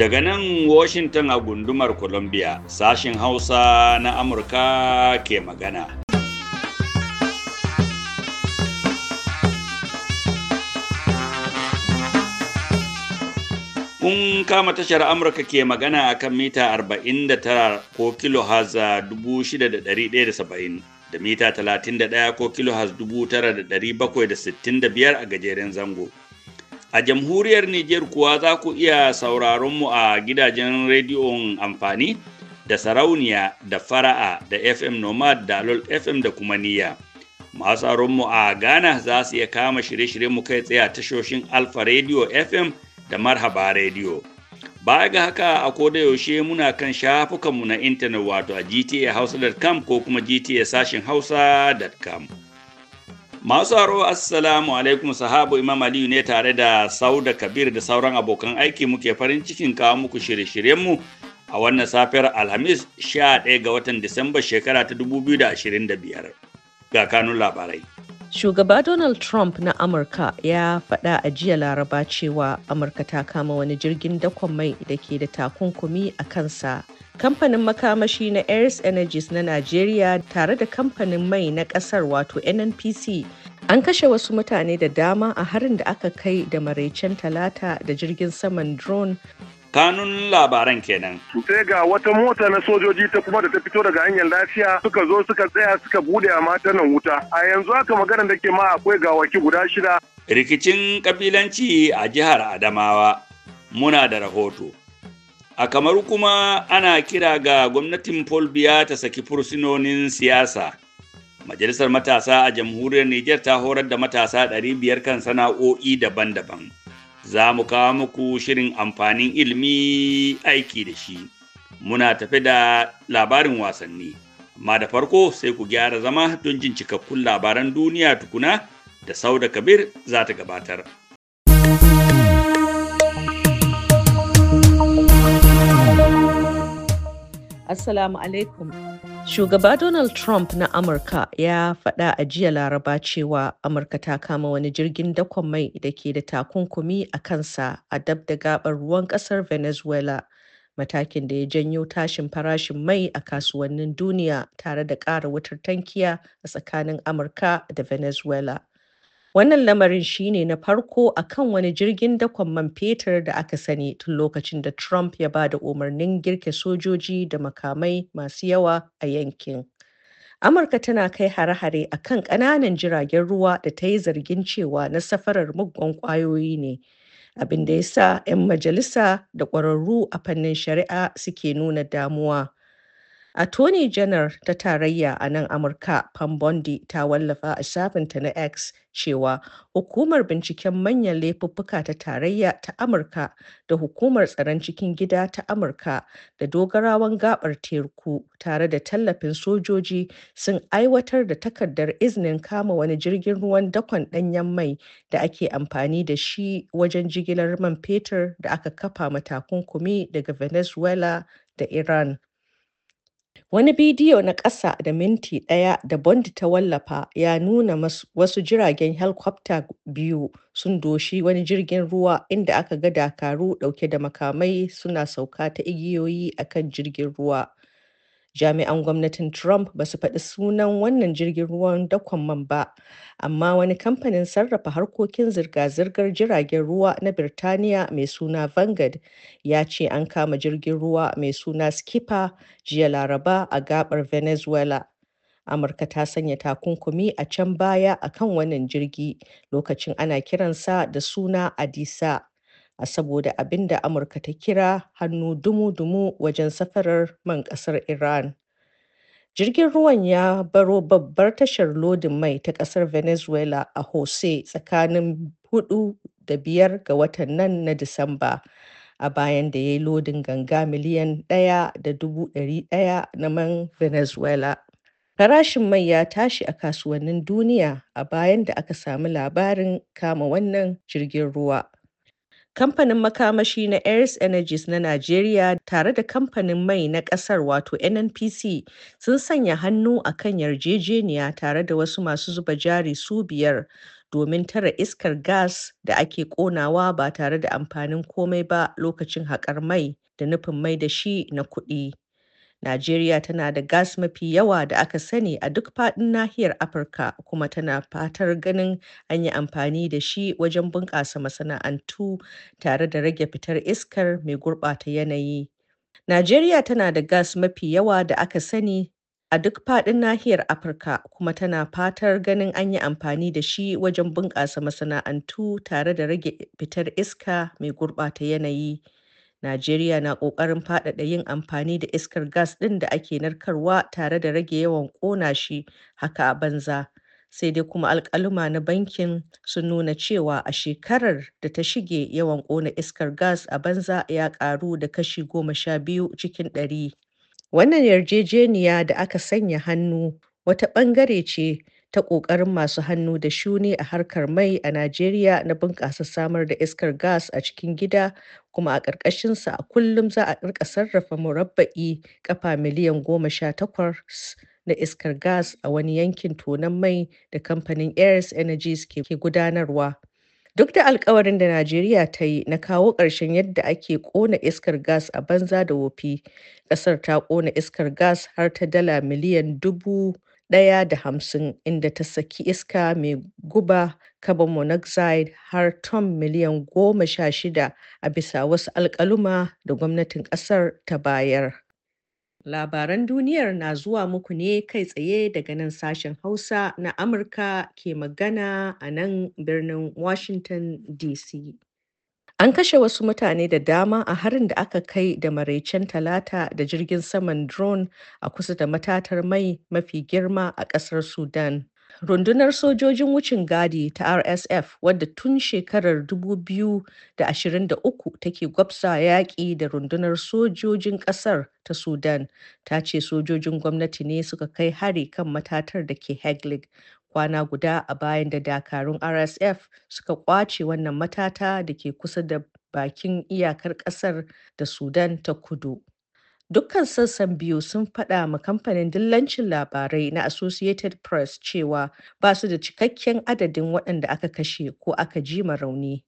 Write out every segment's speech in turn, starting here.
Daga nan Washington a gundumar Columbia, sashin Hausa na Amurka ke magana. Kun kama tashar Amurka ke magana a kan mita 49 ko kilo haza 6,170. da mita 31 ko dubu tara da da bakwai sittin da biyar a gajeren zango. A jamhuriyar Nijar kuwa za ku iya sauraron mu a gidajen rediyon amfani da sarauniya da fara'a da FM Nomad da alol FM da kuma niyya. Masu mu a Ghana za su iya kama shirye-shiryen mu kai tsaye a tashoshin Alfa Radio FM da Marhaba Radio. baya ga haka a koda yaushe muna kan shafukanmu na intanet wato a gtahausa.com ko kuma gta sashen hausa.com masu haro assalamu alaikum sahabu imam aliyu ne tare da sauda kabir da sauran abokan aiki muke farin cikin kawo muku shirye-shiryenmu a wannan safiyar alhamis 11 ga watan disamba shekara ta 2025 ga kanun labarai Shugaba Donald Trump na Amurka ya faɗa a jiya Laraba cewa Amurka ta kama wani jirgin dakon mai da ke da takunkumi a kansa. Kamfanin makamashi na Ares Energies na Najeriya tare da kamfanin mai na ƙasar wato NNPC an kashe wasu mutane da dama a harin da aka kai da maraicen talata da jirgin saman drone kanun labaran kenan. Sai ga wata mota na sojoji ta kuma da ta fito daga hanyar lafiya suka zo suka tsaya suka bude a mata nan wuta. A yanzu haka maganar da ke ma akwai gawaki guda shida. Rikicin kabilanci a jihar Adamawa muna da rahoto. A kamar kuma ana kira ga gwamnatin Folbiya ta saki fursunonin siyasa. Majalisar matasa a jamhuriyar Nijar ta horar da matasa 500 kan sana'o'i daban-daban. za mu kawo muku shirin amfanin ilmi aiki da shi. Muna tafe da labarin wasanni, amma da farko sai ku gyara zama don jin cikakkun labaran duniya tukuna da Sauda Kabir za ta gabatar. Assalamu alaikum. Shugaba Donald Trump na Amurka ya faɗa a jiya Laraba cewa Amurka ta kama wani jirgin dakon mai da ke da takunkumi a kansa a dab da gabar ruwan ƙasar Venezuela, matakin da ya janyo tashin farashin mai a kasuwannin duniya tare da ƙara wutar tankiya a tsakanin Amurka da Venezuela. Wannan lamarin shi ne na farko a kan wani jirgin dakon man fetur da aka sani tun lokacin da Trump ya ba da umarnin girke sojoji da makamai masu yawa a yankin. Amurka tana kai hare-hare a kan ƙananan jiragen ruwa da ta yi zargin cewa na safarar muggan ƙwayoyi ne, abin da ya sa 'yan majalisa da ƙwararru a fannin shari'a suke nuna damuwa. Attorney General ta tarayya a nan Amurka Pam Bondi ta wallafa a shafinta na X cewa hukumar binciken manyan laifuffuka ta tarayya ta Amurka da hukumar tsaron cikin gida ta Amurka da dogarawan gabar teku tare da tallafin sojoji sun aiwatar da takardar izinin kama wani jirgin ruwan dakon danyen mai da ake amfani da shi wajen jigilar man fetur da aka kafa matakun kumi daga Venezuela da Iran. Wani bidiyo na ƙasa da minti ɗaya da bond ta wallafa ya nuna wasu jiragen helikwafta biyu sun doshi wani jirgin ruwa inda aka ga dakaru ɗauke da makamai suna sauka ta igiyoyi a kan jirgin ruwa. jami'an gwamnatin trump ba su faɗi sunan wannan jirgin ruwan dakon man ba amma wani kamfanin sarrafa harkokin zirga-zirgar jiragen ruwa na birtaniya mai suna vanguard ya ce an kama jirgin ruwa mai suna skipper jiya laraba a gabar venezuela amurka ta sanya takunkumi a can baya akan wannan jirgi lokacin ana kiransa da suna adisa a saboda abin da Amurka ta kira hannu dumu-dumu wajen safarar man ƙasar Iran. Jirgin ruwan ya baro babbar tashar lodin mai ta ƙasar Venezuela a hose tsakanin 4 da 5 ga watan nan na Disamba. a bayan da ya yi lodin ganga miliyan ɗaya da dubu ɗari ɗaya na man venezuela farashin mai ya tashi a kasuwannin duniya a bayan da aka sami labarin kama wannan jirgin ruwa Kamfanin makamashi na Aris Energies na Najeriya tare da Kamfanin Mai na ƙasar wato NNPC sun sanya hannu a kan yarjejeniya tare da wasu masu zuba jari su biyar domin tara iskar gas da ake ƙonawa ba tare da amfanin komai ba lokacin haƙar mai, da nufin mai da shi na kuɗi. Najeriya tana da gas mafi yawa da aka sani a duk faɗin nahiyar Afirka kuma tana fatar ganin an yi amfani da shi wajen bunƙasa masana'antu tare da rage fitar iskar mai gurɓata yanayi. Najeriya tana da gas mafi yawa da aka sani a duk faɗin nahiyar Afirka kuma tana fatar ganin an yi amfani da shi wajen bunƙasa masana'antu tare da rage fitar iska mai gurɓata yanayi. Najeriya na ƙoƙarin faɗaɗa yin amfani da iskar gas ɗin da ake narkarwa tare da rage yawan ƙona shi haka a banza, sai dai kuma alƙaluma na bankin sun nuna cewa a shekarar da ta shige yawan ƙona iskar gas a banza ya ƙaru da kashi goma sha biyu cikin ɗari. Wannan yarjejeniya da aka sanya hannu wata ɓangare ce ta ƙoƙarin masu hannu da shuni a harkar mai a Najeriya na bunƙasa samar da iskar gas a cikin gida kuma a ƙarƙashinsa a kullum za a rika sarrafa murabba'i ƙafa miliyan goma sha takwas na iskar gas a wani yankin tonon mai da kamfanin Ares Energies ke gudanarwa. Duk da alƙawarin da Najeriya ta yi na kawo ƙarshen yadda ake ƙona iskar gas a banza da wofi, ƙasar ta ƙona iskar gas har ta dala miliyan dubu ɗaya da hamsin inda ta saki iska mai guba carbon monoxide har ton miliyan goma sha shida a bisa wasu alkaluma da gwamnatin ƙasar ta bayar. Labaran duniyar na zuwa muku ne kai tsaye daga nan sashen Hausa na Amurka ke magana a nan birnin Washington DC. An kashe wasu mutane da dama a harin da aka kai da maraicen Talata da jirgin saman drone a kusa da matatar mai mafi girma a ƙasar Sudan. Rundunar sojojin wucin gadi ta RSF wadda tun shekarar 2023 take gwabsa yaƙi da rundunar sojojin ƙasar ta Sudan ta ce sojojin gwamnati ne suka kai hari kan matatar da ke Heglig kwana guda a bayan da dakarun rsf suka kwace wannan matata da ke kusa da bakin iyakar kasar da sudan ta kudu dukkan sassan biyu sun faɗa ma kamfanin dillancin labarai na associated press cewa ba su da cikakken adadin waɗanda aka kashe ko aka ji rauni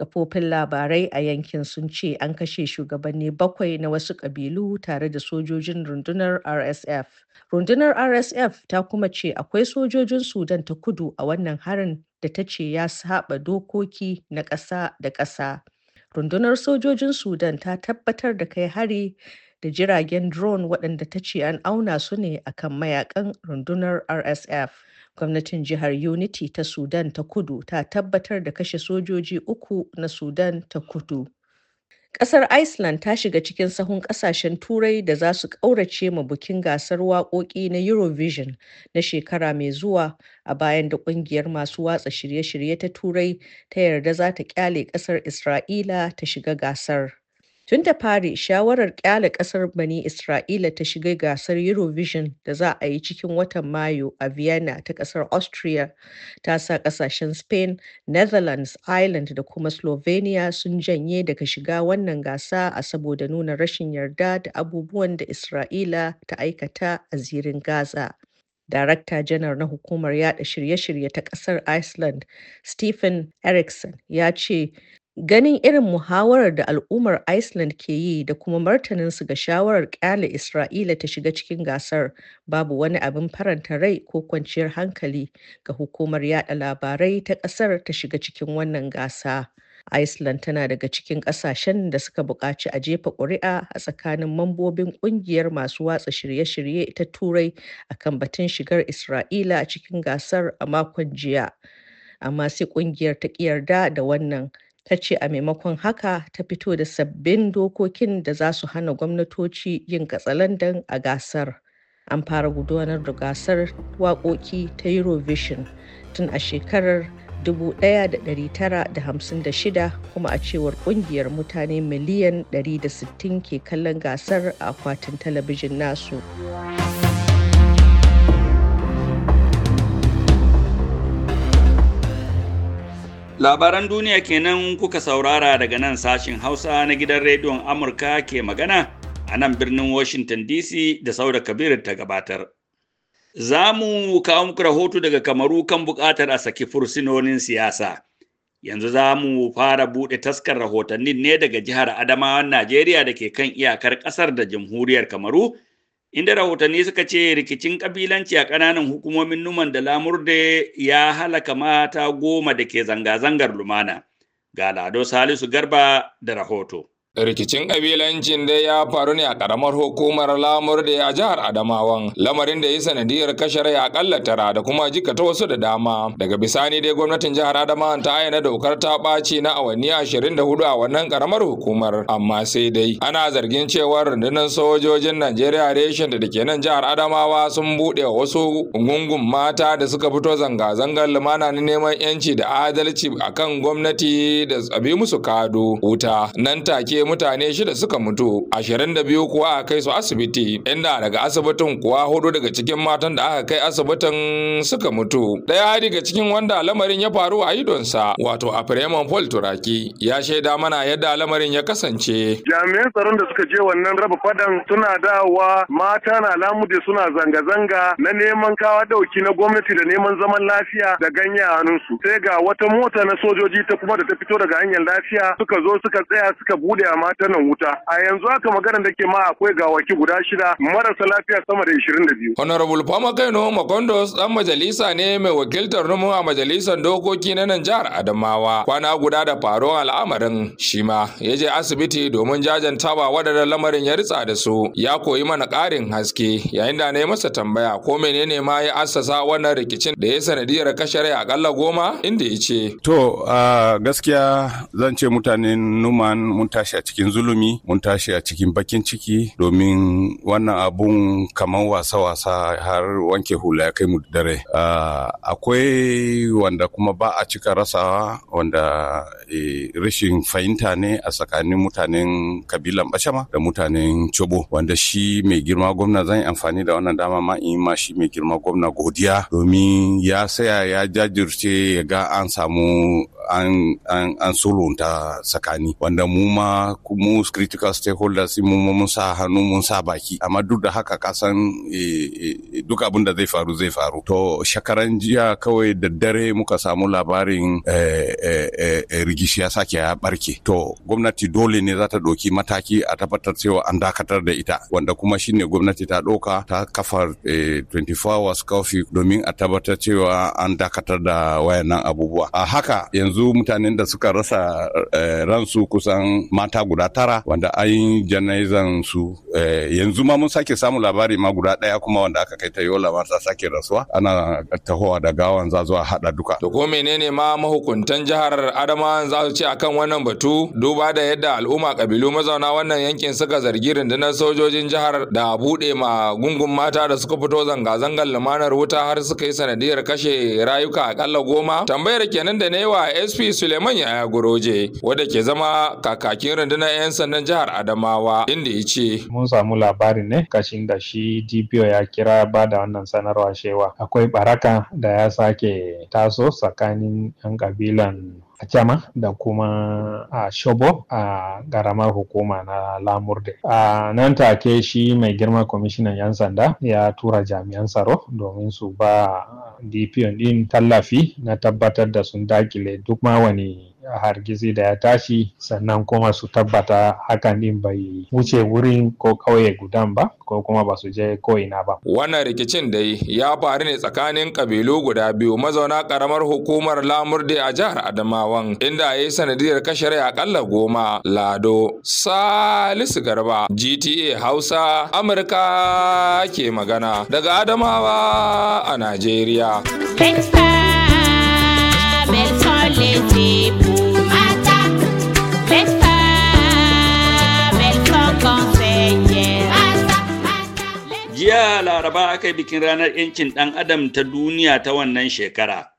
kafofin labarai a yankin sun ce an kashe shugabanni bakwai na wasu ƙabilu tare da sojojin rundunar rsf rundunar rsf ta kuma ce akwai sojojin sudan ta kudu a wannan harin da ta ce ya saba dokoki na ƙasa da ƙasa rundunar sojojin sudan ta tabbatar da kai hari da jiragen drone waɗanda ta ce an auna su ne akan mayakan rundunar rsf gwamnatin jihar unity ta sudan ta kudu ta tabbatar da kashe sojoji uku na sudan ta kudu Ƙasar Iceland ta shiga cikin sahun ƙasashen Turai da za su ƙaurace ma bukin gasar waƙoƙi na Eurovision na shekara mai zuwa a bayan da ƙungiyar masu watsa shirye-shirye ta Turai ta yarda za ta ƙyale ƙasar Isra'ila ta shiga gasar. Tun da fari shawarar ƙyale ƙasar Bani Isra'ila ta shiga gasar Eurovision da za a yi cikin watan Mayu a Vienna ta ƙasar Austria ta sa ƙasashen Spain, Netherlands, Ireland da kuma Slovenia sun janye daga shiga wannan gasa a saboda nuna rashin yarda da abubuwan da Isra'ila ta aikata a zirin Gaza. Darakta janar na hukumar yada shirye-shirye ta ƙasar Iceland, Stephen Erickson, ya ce Ganin irin muhawarar da al'ummar Iceland ke yi da kuma martaninsu ga shawarar ƙyale Isra'ila ta shiga cikin gasar, babu wani abin faranta rai ko kwanciyar hankali ga hukumar yaɗa labarai ta ƙasar ta shiga cikin wannan gasa. Iceland tana daga cikin ƙasashen da suka buƙaci a jefa ƙuri'a a tsakanin mambobin ƙungiyar masu watsa shirye-shirye ta Turai akan batun shigar Isra'ila cikin gasar a makon jiya, amma sai ƙungiyar ta ƙi yarda da wannan. ta ce a maimakon haka ta fito da sabbin dokokin da za su hana gwamnatoci yin katsalandan a gasar an fara gudanar da gasar waƙoƙi ta eurovision tun a shekarar 1956 kuma a cewar kungiyar mutane miliyan 160 ke kallon gasar a akwatin talabijin nasu. Labaran duniya kenan kuka saurara daga nan sashin Hausa na gidan rediyon Amurka ke magana a nan birnin Washington DC da Sauda Kabir ta gabatar. Za mu kawo muku rahoto daga Kamaru kan buƙatar a saki fursunonin siyasa. Yanzu za mu fara buɗe taskar rahotannin ne daga jihar Adamawan Najeriya da ke kan iyakar ƙasar da Jamhuriyar Kamaru inda rahotanni suka ce rikicin kabilanci a ƙananan hukumomin numan da lamurde ya halaka mata goma da ke zanga-zangar lumana ga lado salisu garba da rahoto Rikicin kabilancin dai ya faru ne a karamar hukumar Lamurde a jihar Adamawan, lamarin da ya sanadiyar kashe rai akalla tara da kuma jikata wasu da dama. Daga bisani dai gwamnatin jihar Adamawan ta ayyana dokar ta ɓaci na awanni ashirin da hudu a wannan karamar hukumar, amma sai dai ana zargin cewa rundunar sojojin Najeriya reshen da ke nan jihar Adamawa sun buɗe wasu gungun mata da suka fito zanga-zangar lumana na neman 'yanci da adalci akan gwamnati da tsabi musu kado wuta nan take mutane shida suka mutu ashirin da biyu kuwa aka kai su asibiti inda daga asibitin kuwa hudu daga cikin matan da aka kai asibitin suka mutu ɗaya daga cikin wanda lamarin ya faru a idonsa wato a Freeman Paul Turaki ya shaida mana yadda lamarin ya kasance jami'an tsaron da suka je wannan raba fadan suna dawa mata na lamude suna zanga-zanga na neman kawa dauki na gwamnati da neman zaman lafiya da ganye a hannunsu sai ga wata mota na sojoji ta kuma da ta fito daga hanyar lafiya suka zo suka tsaya suka bude canja ma ta nan wuta a yanzu haka magana da ke ma akwai gawaki guda shida marasa lafiya sama da 22 honorable fama kaino makondos dan majalisa ne mai wakiltar numu a majalisar dokoki na nan jihar adamawa kwana guda da faruwar al'amarin shi ma ya je asibiti domin jajantawa waɗanda lamarin ya ritsa da su ya koyi mana karin haske yayin da na yi masa tambaya ko menene ma ya assasa wannan rikicin da ya sanadiyar kashe rai akalla goma inda ya ce to gaskiya zan ce mutanen numan mun tashi a cikin zulumi mun tashi a cikin bakin ciki domin wannan abun kamar wasa-wasa har wanke hula ya kai mu dare ah, akwai wanda kuma ba a cika rasawa wanda eh, rashin fahimta ne a tsakanin mutanen kabilan bashama da mutanen cobo wanda shi mai girma gwamna zan yi amfani da wannan dama ma in ma shi mai girma gwamna godiya domin ya saya ya jajirce ya ga an samu an an an solonta tsakani wanda mu ma mu critical stakeholders mu mun sa hannu mun sa baki amma duk da haka kasan e, e, e, duk abin da zai faru zai faru to shakaran jiya kawai da dare muka samu labarin rigishi ya sake ya barke to gwamnati dole ne za ta ɗauki mataki a tabbatar cewa an dakatar da ita wanda kuma shine gwamnati ta ɗauka ta kafa 24 hours coffee domin a tabbatar cewa an dakatar da wayannan abubuwa a haka yanzu yanzu mutanen da suka rasa eh, ransu kusan mata guda tara wanda ayin jana'izan su eh, yanzu ma mun sake samu labari ma guda daya kuma wanda aka kai ta yola ta sake rasuwa ana tahowa da gawan za zuwa hada duka to ko menene ma mahukuntan jihar adama za su ce akan wannan batu duba da yadda al'umma kabilu mazauna wannan yankin suka zargi rundunar sojojin jihar da bude ma gungun mata da suka fito zanga-zangar lumanar wuta har suka yi sanadiyar kashe rayuka akalla goma tambayar kenan da ne wa sp suleiman yaya goroje wadda ke zama kakakin rundunar 'yan sandan jihar adamawa inda ya ce mun samu labarin ne kashin da shi dpo ya kira ba da wannan sanarwa cewa akwai baraka da ya sake taso tsakanin 'yan kabilan a kyama da kuma a shobo a garamar hukuma na lamurde a nan take shi mai girma kwamishinan 'yan sanda ya tura jami'an tsaro domin su ba dpn din tallafi na tabbatar da sun dakile duk ma wani hargitsi da ya tashi sannan kuma su tabbata hakan din bai wuce wurin ko kauye gudan ba ko kuma ba su je ko'ina ba. Wannan rikicin dai ya faru ne tsakanin kabilu guda biyu mazauna karamar hukumar Lamurde a jihar Adamawan inda ya yi sanadiyar kashe akalla goma Lado Salisu Garba GTA Hausa Amurka ke magana daga Adamawa a Najeriya. Thanks, jiya laraba aka yi bikin ranar 'yancin ɗan adam ta duniya ta wannan shekara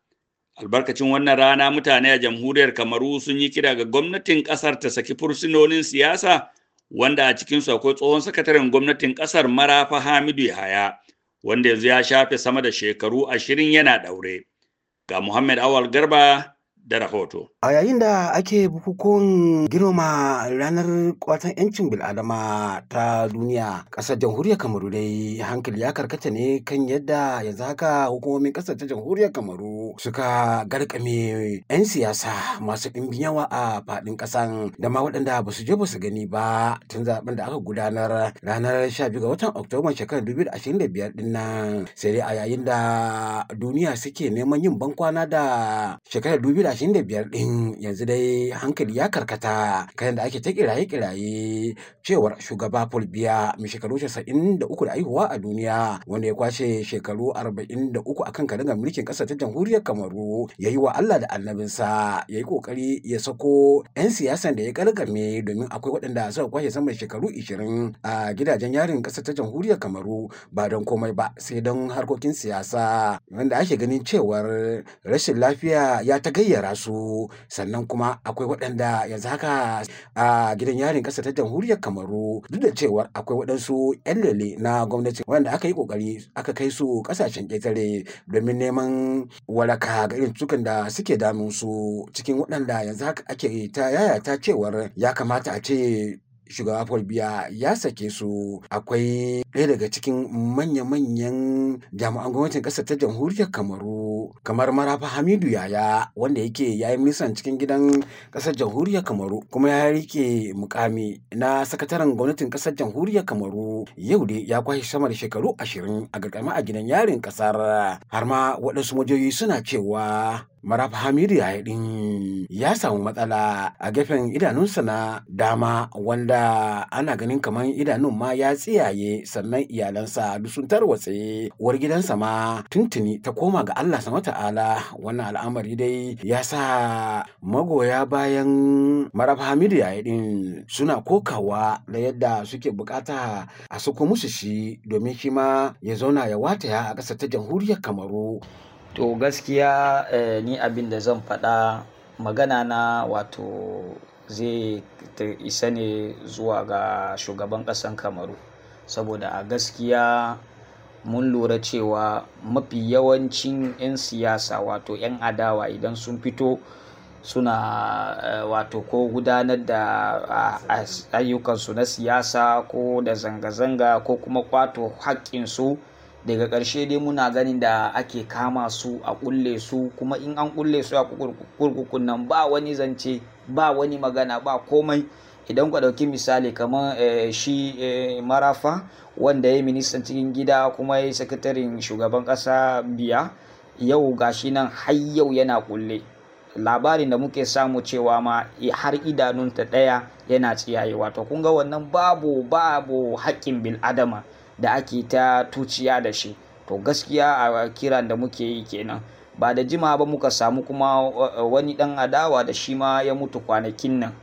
albarkacin wannan rana mutane a jamhuriyar kamaru sun yi kira ga gwamnatin ƙasar ta saki fursunonin siyasa wanda a cikinsu akwai tsohon sakataren gwamnatin ƙasar marafa hamidu yahaya wanda yanzu ya shafe sama da shekaru ashirin yana ɗaure ga muhammad awal garba da rahoto. A yayin da ake bukukuwan girma ranar kwatan 'yancin bil'adama ta duniya, ƙasar jamhuriyar Kamaru dai hankali ya karkata ne kan yadda yanzu haka hukumomin ƙasar ta jamhuriyar Kamaru suka garkame 'yan siyasa masu ɗimbin yawa a faɗin ƙasan da ma waɗanda ba su je ba su gani ba tun zaɓen da aka gudanar ranar 12 ga watan Oktoba shekarar 2025 ɗin sai dai a yayin da duniya suke neman yin bankwana da shekarar ashirin da biyar ɗin yanzu dai hankali ya karkata kan da ake ta kiraye-kiraye cewar shugaba Paul Biya mai shekaru casa'in da uku da aihuwa a duniya wanda ya kwashe shekaru arba'in da uku kan karagar mulkin ƙasar ta jamhuriyar Kamaru ya yi wa Allah da annabinsa ya yi ƙoƙari ya sako 'yan siyasan da ya kalgame domin akwai waɗanda suka kwashe sama shekaru ishirin a gidajen yarin ƙasar ta jamhuriyar Kamaru ba don komai ba sai don harkokin siyasa wanda ake ganin cewar rashin lafiya ya ta tattara su sannan kuma akwai waɗanda yanzu haka a gidan yarin ƙasa ta jamhuriyar kamaru duk da cewar akwai waɗansu 'yan lele na gwamnati wanda aka yi ƙoƙari aka kai su ƙasashen ƙetare domin neman waraka ga irin cukan da suke damun su cikin waɗanda yanzu haka ake ta yaya ta cewar ya kamata a ce shugaba Paul Biya ya sake su akwai ɗaya daga cikin manya-manyan jami'an gwamnatin ƙasar ta jamhuriyar Kamaru kamar Marafa Hamidu Yaya wanda yake ya yi misan cikin gidan ƙasar jamhuriyar Kamaru kuma ya rike mukami na sakataren gwamnatin ƙasar jamhuriyar Kamaru yau dai ya kwashe sama da shekaru ashirin a gagama a gidan yarin ƙasar har ma waɗansu majoyi suna cewa Marab Hamidu ya din ya samu matsala a gefen idanunsa na dama wanda ana ganin kamar idanun ma ya tsiyaye sannan iyalansa duk sun tarwatse uwar gidansa ma tuntuni ta koma ga Allah sama ta'ala wannan al'amari dai ya sa magoya bayan Marab Hamidu ya din suna kokawa da yadda suke bukata a suko musu shi domin shi ma ya zauna ya wataya a ƙasar ta jamhuriyar Kamaru. to gaskiya eh, ni abin da zan faɗa magana na wato zai isa ne zuwa ga shugaban ƙasan kamaru saboda a gaskiya mun lura cewa mafi yawancin 'yan siyasa wato 'yan adawa idan sun fito suna eh, wato ko gudanar da ayyukansu na siyasa ko da zanga-zanga ko kuma kwato haƙƙinsu su daga ƙarshe dai muna ganin da ake kama su a kulle su kuma in an kulle su a kurkukun nan ba wani zance ba wani magana ba komai idan ku ɗauki misali kamar eh, shi eh, marafa wanda ya yi ministan cikin gida kuma ya yi sakatarin shugaban ƙasa biya yau gashi nan har yau yana kulle labarin da muke samu cewa ma har idanunta ɗaya yana tsiyaye wato kun ga wannan babu babu haƙƙin bil'adama da ake ta tuciya da shi to gaskiya a kiran da muke yi kenan ba da jima ba muka samu kuma eh, wani dan adawa da shi ma ya mutu kwanakin nan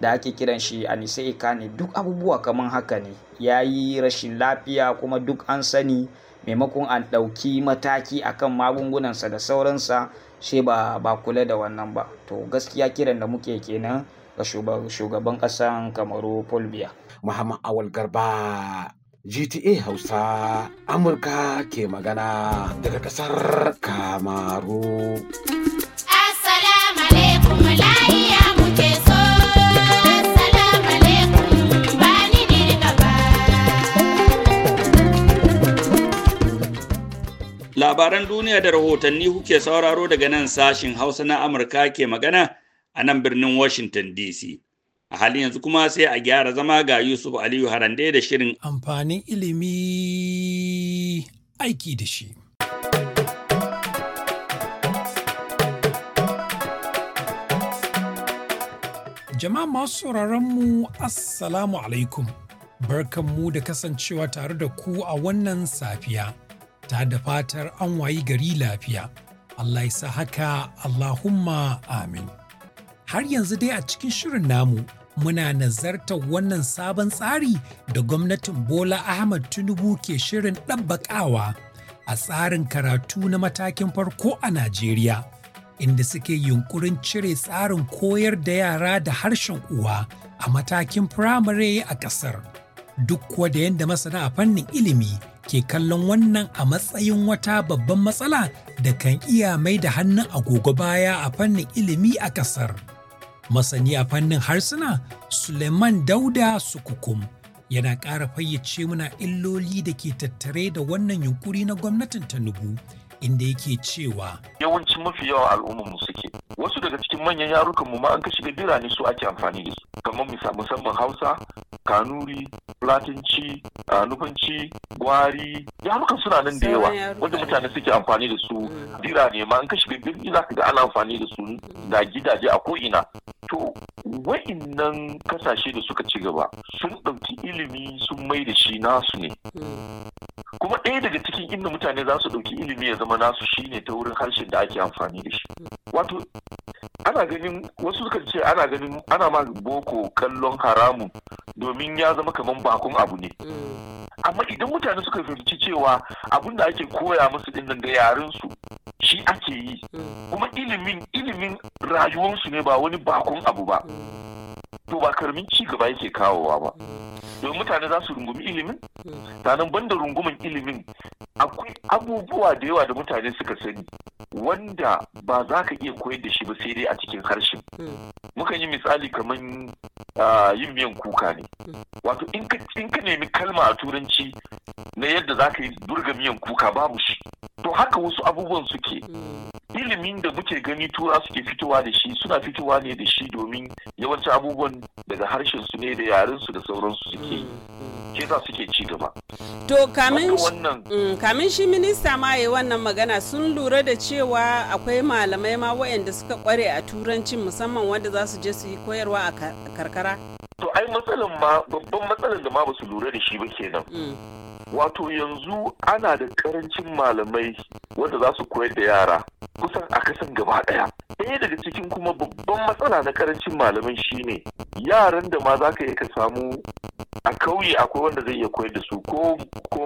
da ake kiran shi a nisaika ne duk abubuwa kamar haka ne ya yi rashin lafiya kuma duk an sani maimakon an ɗauki mataki akan magungunansa da sauransa shi ba ba kula da wannan ba to gaskiya kiran da muke kenan ga shugaban ƙasan kamaru fulbiya muhammad awal garba GTA Hausa Amurka ke magana daga ƙasar Kamaru. Assalamu alaikum muke so. Assalamu alaikum ba ni ba. Labaran duniya da rahotanni kuke sauraro daga nan sashin Hausa na Amurka ke magana a nan birnin Washington DC. a halin yanzu kuma sai a gyara zama ga yusuf aliyu harande da shirin amfanin ilimi aiki da shi jama'a masu sauraron mu assalamu alaikum barkanmu da kasancewa tare da ku a wannan safiya ta da fatar an wayi gari lafiya allah ya sa haka allahumma amin har yanzu dai a cikin shirin namu muna nazartar wannan sabon tsari da gwamnatin Bola Ahmad Tinubu ke shirin ɗabbaƙawa a tsarin karatu na matakin farko a Najeriya, inda suke yunkurin cire tsarin koyar da yara da harshen uwa a matakin firamare a ƙasar. Duk kuwa da yadda masana a fannin ilimi ke kallon wannan a matsayin wata babban matsala da kan iya mai da hannun agogo baya a fannin ilimi a ƙasar. Masani a fannin harsuna Suleiman Dauda Sukukum yana ƙara fayyace muna illoli da ke tattare da wannan yunkuri na gwamnatin Tanubu inda yake cewa yawanci mafi yawa al'ummar suke wasu daga cikin manyan yarukan mu ma an ka shiga birane su ake amfani da su kamar misa musamman hausa kanuri platinci nufanci gwari yarukan suna nan da yawa wanda mutane suke amfani da su mm. birane ma an ka shiga birni za ga ana amfani da su na gidaje a ko'ina to wa'innan kasashe da suka ci gaba sun ɗauki ilimi sun mai da shi nasu ne hmm. kuma ɗaya daga cikin inda mutane za su ɗauki ilimi ya zama nasu shi ne ta wurin harshen da ake amfani da shi hmm. wato ana ganin wasu suka ce ana ganin ana ma boko kallon haramun domin ya zama kamar bakon abu ne hmm. amma idan mutane suka fahimci cewa abin da ake koya musu dinnan da yaren su shi ake yi kuma ilimin ilimin rayuwarsu ne ba wani bakon abu ba to ba karamin ci gaba yake kawowa ba don mutane za su rungumi ilimin sanan banda rungumin ilimin akwai abubuwa da yawa da mutane suka sani wanda ba za ka iya koyar da shi ba sai dai a cikin harshe mukan yi misali kamar yin miyan kuka ne wato in ka nemi kalma a turanci na yadda za ka yi durga miyan kuka babu shi to haka wasu abubuwan suke ilimin da muke gani tura suke fitowa da shi suna fitowa ne da shi domin yawancin abubuwan daga harshen su ne da yaren su da sauransu suke ke za suke ci gaba to kamin mm, shi minista ma yi wannan magana sun lura da cewa akwai malamai ma waɗanda suka kware a turancin musamman wanda za su je su yi koyarwa a karkara to ai matsalan ma babban matsalan da ma ba su lura da shi ba kenan mm. wato yanzu ana da karancin malamai wanda za su koyar da yara kusan a kasan gaba Daya ɗaya daga cikin kuma babban matsala na karancin malamai shine yaran da ma za ka iya ka samu a kauye akwai wanda zai iya koyar da su ko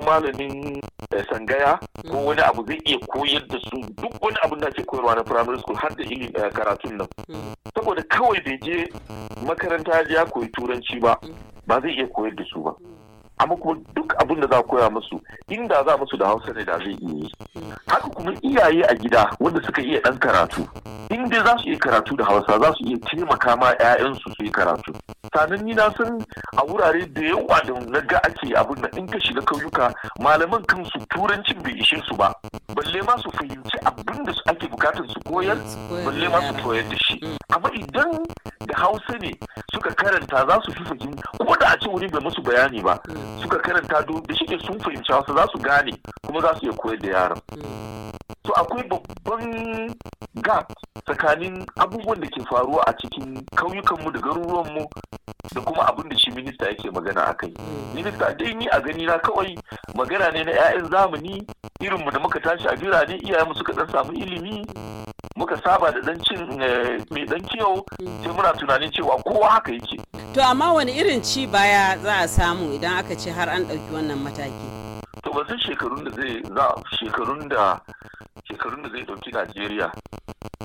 malamin eh, sangaya ko hmm. wani abu zai iya koyar da su duk wani abu da ke koyarwa na primary school har da ilimin eh, karatun nan hmm. saboda kawai bai je makaranta ya koyi turanci ba hmm. ba zai iya koyar da su ba a muku duk abin da za koya musu inda za musu da hausa ne da zai iya yi. haka kuma iyaye a gida wanda suka iya dan karatu inda za su iya karatu da hausa za su iya taimaka ma 'ya'yansu su yi karatu sannan ni na san a wurare da yawa da na ga ake abin da in ka shiga kauyuka malaman kansu turancin bai ishe su ba balle ma su fahimci abin da ake bukatar su koyar balle ma su koyar da shi mm. amma idan da hausa ne suka karanta za su fi fahimci kuma da a ce wuri bai musu bayani ba suka karanta da shi sun fahimci hausa za su gane kuma za su iya koyar da yaran so akwai babban gap tsakanin abubuwan da ke faruwa a cikin kauyukanmu da garuruwanmu da kuma abin da shi minista yake magana a kai minista dai ni a gani na kawai magana ne na 'ya'yan zamani irinmu da muka tashi a birane iyayenmu suka dan samu ilimi muka saba da dan eh, mai dan kiyo sai muna tunanin cewa kowa haka yake to amma wani irin ci baya za a samu idan aka ce har an ɗauki wannan mataki to ba shekarun da zai za shekarun da shekarun da zai ɗauki najeriya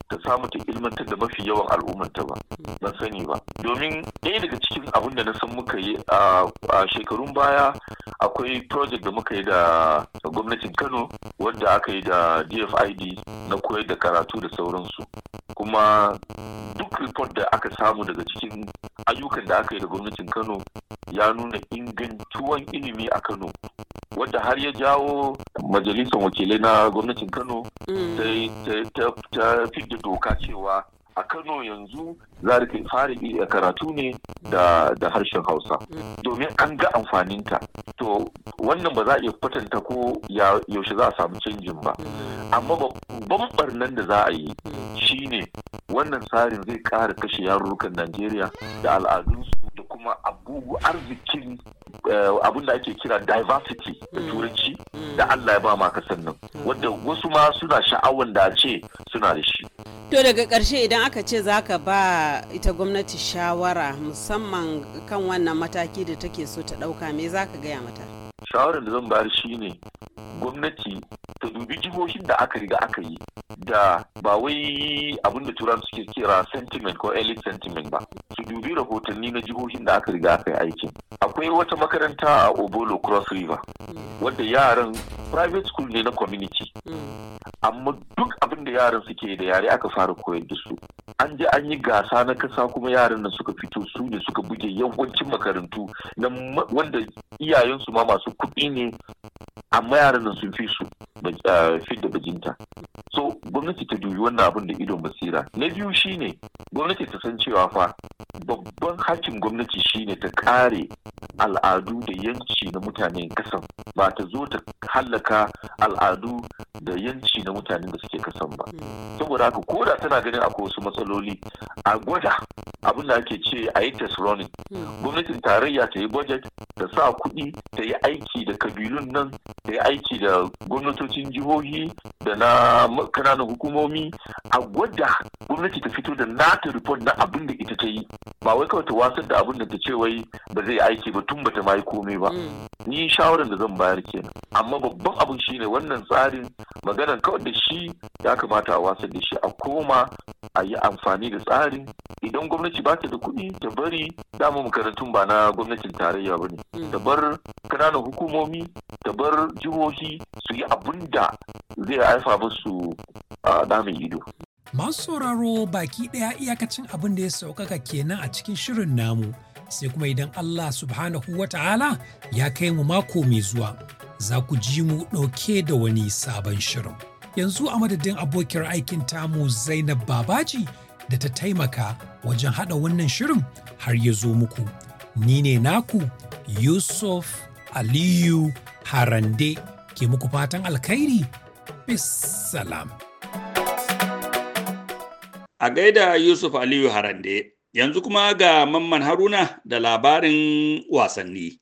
ta samu ta ilmantar da mafi yawan al'ummanta ba ban sani ba domin ɗaya daga cikin abin da na san muka yi a shekarun baya akwai project da muka yi da gwamnatin kano wadda aka yi da dfid na koyar da karatu da sauransu kuma duk report da aka samu daga cikin ayyukan da aka yi da gwamnatin kano ya nuna ingantuwan ilimi a kano wadda har ya jawo majalisar wakilai na gwamnatin kano mm. ta fidda doka cewa a kano yanzu za a fara iya karatu ne da harshen hausa mm. domin an ga amfaninta to wannan ba za a iya kwatanta ko yaushe za a samu canjin ba mm. amma babban nan da za a yi shine wannan tsarin zai ƙara kashe yarurrukan najeriya da al'adunsu da kuma abubu arzikin Eh, abin da ake kira diversity da mm. turanci mm. da Allah ya ba ma kasan nan mm. wanda wasu ma suna sha'awar da ce suna da shi to daga karshe idan aka ce za ka ba ita gwamnati shawara musamman kan wannan mataki da take so ta ɗauka me za ka gaya mata shawarar da zan bayar shi ne gwamnati ta dubi jihohin da aka riga aka yi da ba wai abin da turan suke kira sentiment ko elite sentiment ba su dubi rahotanni na jihohin da aka riga aka yi aikin akwai wata makaranta a obolo cross river wanda yaran private school ne na community amma duk abin da yaran suke da yare aka fara koyar da su an je an yi gasa na kasa kuma yaran nan suka fito su ne suka buge yawancin makarantu wanda iyayensu ma masu kuɗi ne amma yaran nan sun fi su fidda bajinta so gwamnati ta dubi wannan abin da ido basira na biyu shine gwamnati ta san cewa fa babban hakkin gwamnati shine ta kare al'adu da yanci na mutanen kasan ba ta zo ta hallaka al'adu da yanci na mutanen da suke kasan ba saboda haka ko da tana ganin akwai wasu matsaloli a gwada abin da ake ce a yi test running hmm. gwamnatin tarayya ta yi budget da sa kuɗi ta yi aiki da kabilun nan da yi aiki da gwamnatocin jihohi da na kananan hukumomi a gwada gwamnati ta fito da nata report na abin da ita ta yi ba wai kawai ta wasar da abin da ta ce wai ba zai aiki ba tun bata ma yi komai ba mm. ni shawarar da zan bayar kenan amma babban abin shine wannan tsarin maganar kawai da shi ya kamata a wasar da shi a koma a yi amfani da tsarin idan gwamnati ba ta da kuɗi ta bari dama makarantun ba na gwamnatin tarayya ba ne da bar kananan hukumomi da bar jihohi su yi abin da zai haifa ba su damin ido. Masu sauraro baki ɗaya iyakacin abin da ya saukaka kenan a cikin shirin namu sai kuma idan Allah subhanahu wa ta'ala ya kai mu mako mai zuwa za ku ji mu ɗauke da wani sabon shirin. Yanzu a madadin abokiyar aikin tamu Zainab Babaji da ta taimaka wajen haɗa wannan shirin har ya zo muku. Ni ne naku Yusuf Aliyu Harande ke muku fatan alkhairi. Bissalam. A gaida Yusuf Aliyu Harande, yanzu kuma ga Mamman Haruna da labarin wasanni.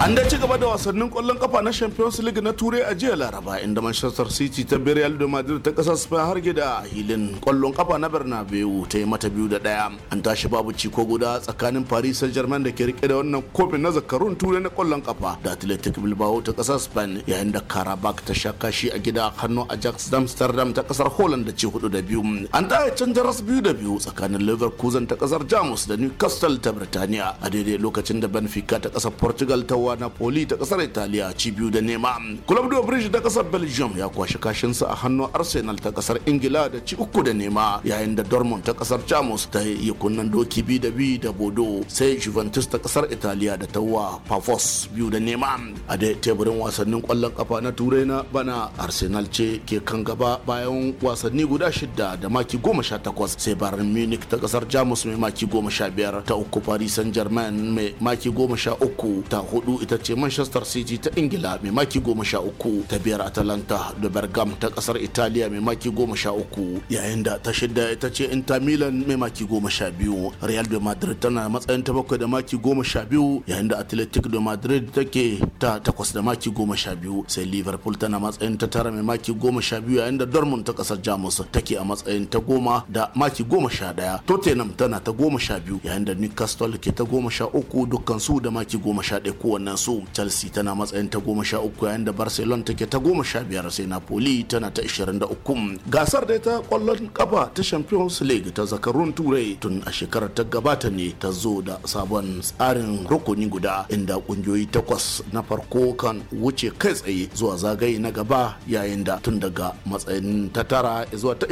An da ci gaba da wasannin kwallon kafa na Champions League na Turai a jiya Laraba inda Manchester City ta bi Real Madrid ta kasar Spain har gida a hilin kwallon kafa na Bernabeu ta yi mata biyu da daya. An tashi babu ciko guda tsakanin Paris Saint-Germain da ke rike da wannan kofin na zakarun Turai na kwallon kafa da Athletic Bilbao ta kasar Spain yayin da Karabakh ta sha kashi a gida hannu a Ajax Amsterdam ta kasar Holland da ci hudu da biyu. An yi can ras biyu da biyu tsakanin Leverkusen ta kasar Jamus da Newcastle ta Birtaniya a daidai lokacin da Benfica ta kasar Portugal ta wa napoli ta kasar italiya ci biyu da nema club de bridge ta kasar belgium ya kwashi kashinsa a hannun arsenal ta kasar ingila da ci uku da nema yayin da dortmund ta kasar jamus ta yi kunnen doki bi da bi da bodo sai juventus ta kasar italiya da tawa pafos biyu da nema a da teburin wasannin kwallon kafa na turai na bana arsenal ce ke kan gaba bayan wasanni guda shida da maki goma sha takwas sai bayern munich ta kasar jamus mai maki goma sha biyar ta uku paris saint germain mai maki goma sha uku ta hudu ita ce manchester city ta ingila mai maki goma sha uku ta biyar atalanta da bergam ta kasar italiya mai maki goma sha uku yayin da ta shida ita ce inter milan mai maki goma sha biyu real de madrid tana matsayin ta bakwai da maki goma sha biyu yayin da athletic de madrid take ta takwas da maki goma sha biyu sai liverpool tana matsayin ta tara mai maki goma sha biyu yayin da dortmund ta kasar jamus take a matsayin ta goma da maki goma sha daya tottenham tana ta goma sha biyu yayin da newcastle ke ta goma sha uku dukkan su da maki goma sha daya kowanne so chelsea tana matsayin ta goma sha uku yayin da barcelona take ta goma sha biyar sai napoli tana ta ishirin da uku gasar dai ta kwallon kafa ta champions league ta zakarun turai tun a shekarar ta gabata ne ta zo da sabon tsarin rukuni guda inda kungiyoyi takwas na farko kan wuce kai tsaye zuwa zagaye na gaba yayin da tun daga matsayin ta tara zuwa ta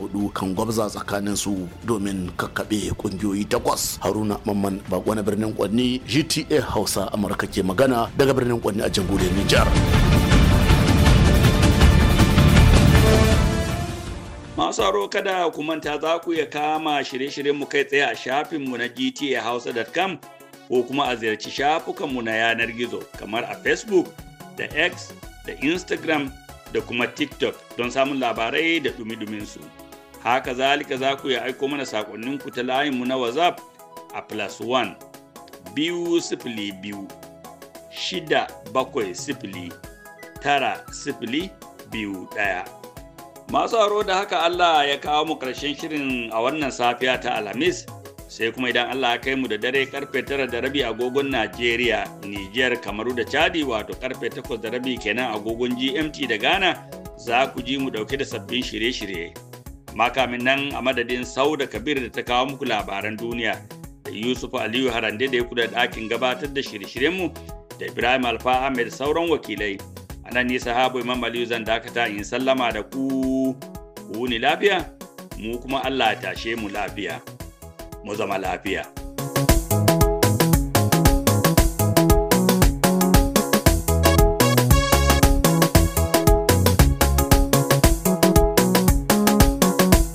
hudu kan gwabza tsakanin su domin kakkaɓe kungiyoyi takwas haruna mamman bakwana na birnin kwanni gta hausa amurka ke ke magana daga birnin kwanne a jamhuriyar Nijar. Masu aro kada ku manta za ku iya kama shirye-shiryenmu kai tsaye a shafinmu na gtahausa.com ko kuma a ziyarci shafukanmu na yanar gizo kamar a Facebook da X da Instagram da kuma TikTok don samun labarai da dumi su. Haka zalika za ku iya aiko mana saƙonninku ta layinmu na WhatsApp a plus one biyu sifili biyu shida bakwai sifili tara sifili biyu ɗaya. Masu haro da haka Allah ya kawo mu ƙarshen shirin a wannan safiya ta Alhamis sai kuma idan Allah ya kai mu da dare karfe tara da rabi agogon Najeriya, Nijiyar Kamaru da Chadi wato karfe takwas da rabi kenan agogon GMT da Ghana za ku ji mu dauke da sabbin shirye-shirye. Makamin nan a madadin sau da kabir da ta kawo muku labaran duniya da Yusuf Aliyu Harande da ya kuda da ɗakin gabatar da shirye-shiryenmu da Ibrahim Alfa Ahmed sauran wakilai. A nan nisa habu Imam Aliyu zan dakata in sallama da ku ku ni lafiya, mu kuma Allah tashe mu lafiya, mu zama lafiya.